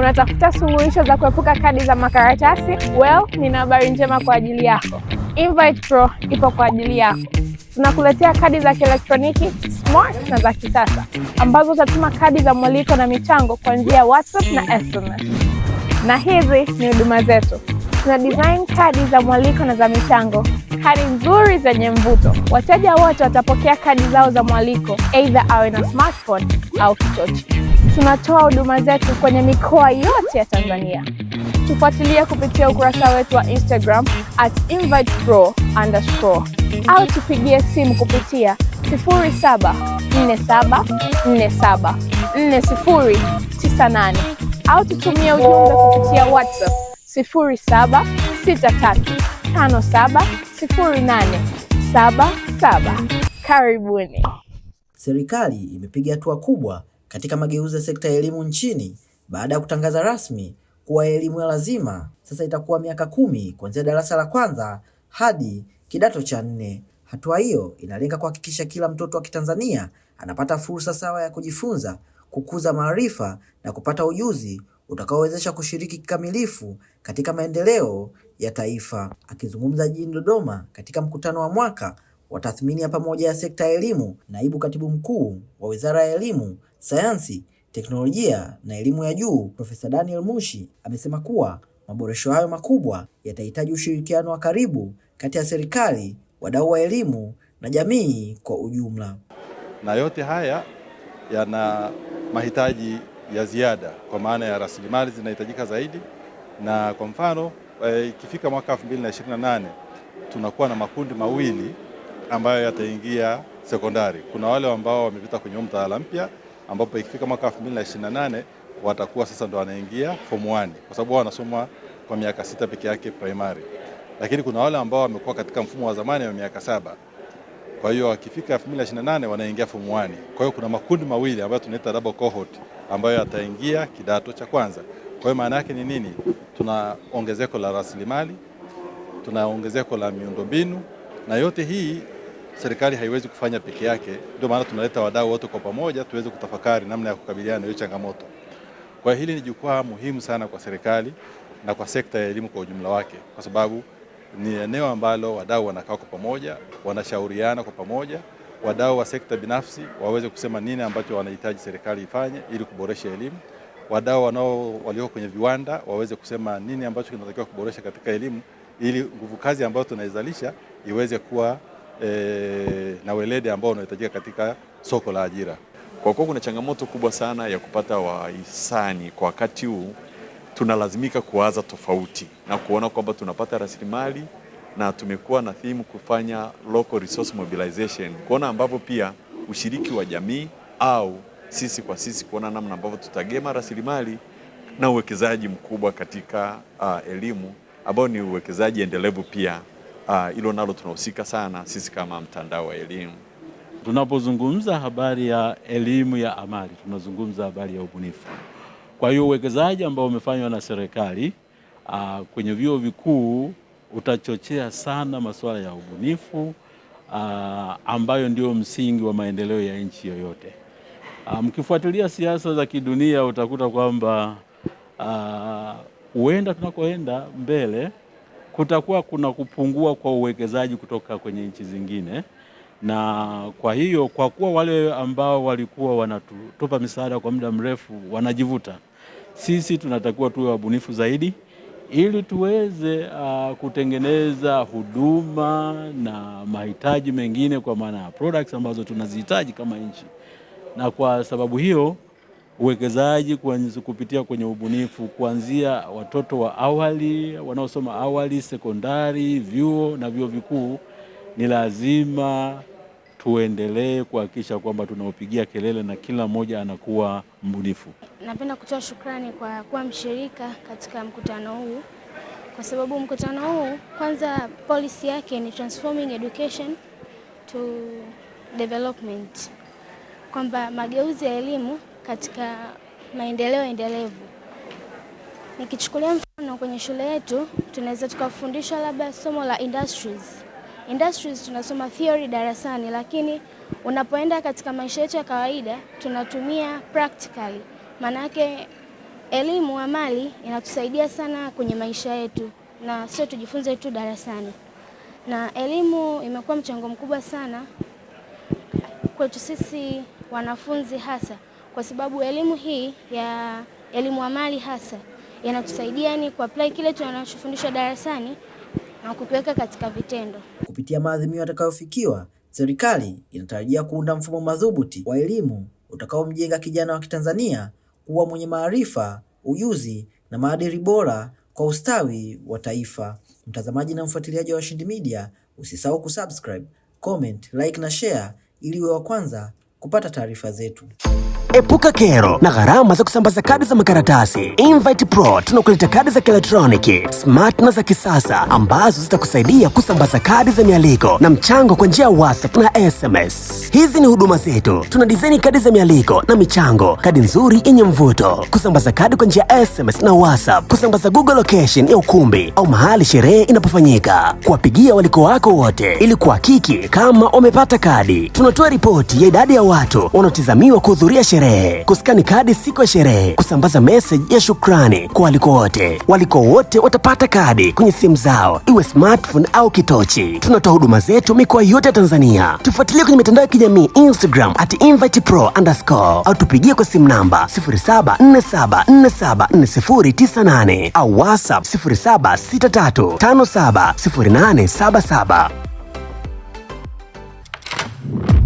Unatafuta suluhisho za kuepuka kadi za makaratasi? Well, nina habari njema kwa ajili yako. Invite Pro ipo kwa ajili yako. Tunakuletea kadi za kielektroniki smart na za kisasa ambazo utatuma kadi za mwaliko na michango kwa njia ya WhatsApp na SMS. Na hizi ni huduma zetu. Tuna design kadi za mwaliko na za michango, kadi nzuri zenye mvuto. Wateja wote watapokea kadi zao za mwaliko, aidha awe na smartphone au kichochi tunatoa huduma zetu kwenye mikoa yote ya Tanzania. Tufuatilie kupitia ukurasa wetu wa Instagram at invitepro underscore au tupigie simu kupitia 0747474098 au tutumie ujumbe kupitia WhatsApp 0763570877. Karibuni. Serikali imepiga hatua kubwa katika mageuzi ya sekta ya elimu nchini baada ya kutangaza rasmi kuwa elimu ya lazima sasa itakuwa miaka kumi kuanzia darasa la kwanza hadi kidato cha nne. Hatua hiyo inalenga kuhakikisha kila mtoto wa Kitanzania anapata fursa sawa ya kujifunza, kukuza maarifa na kupata ujuzi utakaowezesha kushiriki kikamilifu katika maendeleo ya taifa. Akizungumza jijini Dodoma katika mkutano wa mwaka wa tathmini ya pamoja ya sekta ya elimu, Naibu Katibu Mkuu wa Wizara ya Elimu sayansi, teknolojia na elimu ya juu, Profesa Daniel Mushi amesema kuwa maboresho hayo makubwa yatahitaji ushirikiano wa karibu kati ya serikali, wadau wa elimu na jamii kwa ujumla. Na yote haya yana mahitaji ya ziada kwa maana ya rasilimali zinahitajika zaidi, na kwa mfano eh, ikifika e, mwaka 2028 tunakuwa na makundi mawili ambayo yataingia sekondari. Kuna wale ambao wamepita kwenye mtaala mpya ambapo ikifika mwaka 2028 watakuwa sasa ndo wanaingia form 1 kwa sababu wanasoma kwa miaka sita peke yake primary, lakini kuna wale ambao wamekuwa katika mfumo wa zamani wa miaka saba. Kwa hiyo wakifika 2028 wanaingia form 1. Kwa hiyo kuna makundi mawili ambayo tunaita double cohort ambayo yataingia kidato cha kwanza. Kwa hiyo maana yake ni nini? Tuna ongezeko la rasilimali, tuna ongezeko la miundombinu na yote hii serikali haiwezi kufanya peke yake. Ndio maana tunaleta wadau wote kwa pamoja tuweze kutafakari namna ya kukabiliana na hiyo changamoto. Kwa hili ni jukwaa muhimu sana kwa serikali na kwa sekta ya elimu kwa ujumla wake, kwa sababu ni eneo ambalo wadau wanakaa kwa pamoja, wanashauriana kwa pamoja, wadau wa sekta binafsi waweze kusema nini ambacho wanahitaji serikali ifanye ili kuboresha elimu, wadau wanao walioko kwenye viwanda waweze kusema nini ambacho kinatakiwa kuboresha katika elimu ili nguvu kazi ambayo tunaizalisha iweze kuwa e, na weledi ambao unahitajika katika soko la ajira. Kwa kuwa kuna changamoto kubwa sana ya kupata wahisani kwa wakati huu, tunalazimika kuwaza tofauti na kuona kwamba tunapata rasilimali, na tumekuwa na theme kufanya local resource mobilization, kuona ambavyo pia ushiriki wa jamii au sisi kwa sisi kuona namna ambavyo tutagema rasilimali na uwekezaji mkubwa katika uh, elimu ambayo ni uwekezaji endelevu pia. Ah, hilo uh, nalo tunahusika sana sisi kama mtandao wa elimu. Tunapozungumza habari ya elimu ya amali, tunazungumza habari ya ubunifu. Kwa hiyo uwekezaji ambao umefanywa na serikali uh, kwenye vyuo vikuu utachochea sana masuala ya ubunifu uh, ambayo ndio msingi wa maendeleo ya nchi yoyote. Uh, mkifuatilia siasa za kidunia utakuta kwamba huenda uh, tunakoenda mbele kutakuwa kuna kupungua kwa uwekezaji kutoka kwenye nchi zingine, na kwa hiyo kwa kuwa wale ambao walikuwa wanatupa misaada kwa muda mrefu wanajivuta, sisi tunatakiwa tuwe wabunifu zaidi ili tuweze uh, kutengeneza huduma na mahitaji mengine kwa maana ya products ambazo tunazihitaji kama nchi, na kwa sababu hiyo uwekezaji kupitia kwenye ubunifu kuanzia watoto wa awali wanaosoma awali, sekondari, vyuo na vyuo vikuu. Ni lazima tuendelee kuhakikisha kwamba tunaopigia kelele na kila mmoja anakuwa mbunifu. Napenda kutoa shukrani kwa kuwa mshirika katika mkutano huu, kwa sababu mkutano huu kwanza, policy yake ni transforming education to development, kwamba mageuzi ya elimu katika maendeleo endelevu. Nikichukulia mfano kwenye shule yetu tunaweza tukafundishwa labda somo la industries. Industries tunasoma theory darasani, lakini unapoenda katika maisha yetu ya kawaida tunatumia practically. yake elimu amali inatusaidia sana kwenye maisha yetu na sio tujifunze tu darasani, na elimu imekuwa mchango mkubwa sana kwetu sisi wanafunzi hasa kwa sababu elimu hii ya elimu amali hasa yanatusaidia ni kuapply kile tunachofundishwa darasani na kukiweka katika vitendo. Kupitia maadhimio yatakayofikiwa, serikali inatarajia kuunda mfumo madhubuti wa elimu utakaomjenga kijana wa Kitanzania kuwa mwenye maarifa, ujuzi na maadili bora kwa ustawi wa taifa. Mtazamaji na mfuatiliaji wa Washindi Media, usisahau kusubscribe, comment, like na share ili uwe wa kwanza kupata taarifa zetu. Epuka kero na gharama za kusambaza kadi za makaratasi. Invite Pro tunakuleta kadi za kielektroniki smart na za kisasa ambazo zitakusaidia kusambaza kadi za mialiko na mchango kwa njia ya WhatsApp na SMS. Hizi ni huduma zetu. Tuna dizaini kadi za mialiko na michango, kadi nzuri yenye mvuto, kusambaza kadi kwa njia ya SMS na WhatsApp, kusambaza Google location ya ukumbi au mahali sherehe inapofanyika, kuwapigia waliko wako wote ili kuhakiki kama wamepata kadi. Tunatoa ripoti ya idadi ya watu wanaotazamiwa kuhudhuria sherehe sherehe, kuskani kadi siku ya sherehe, kusambaza meseji ya shukrani kwa waliko wote. Waliko wote watapata kadi kwenye simu zao, iwe smartphone au kitochi. Tunatoa huduma zetu mikoa yote ya Tanzania. Tufuatilie kwenye mitandao ya kijamii Instagram at invite pro underscore, au tupigie kwa simu namba 0747474098 au WhatsApp 0763570877.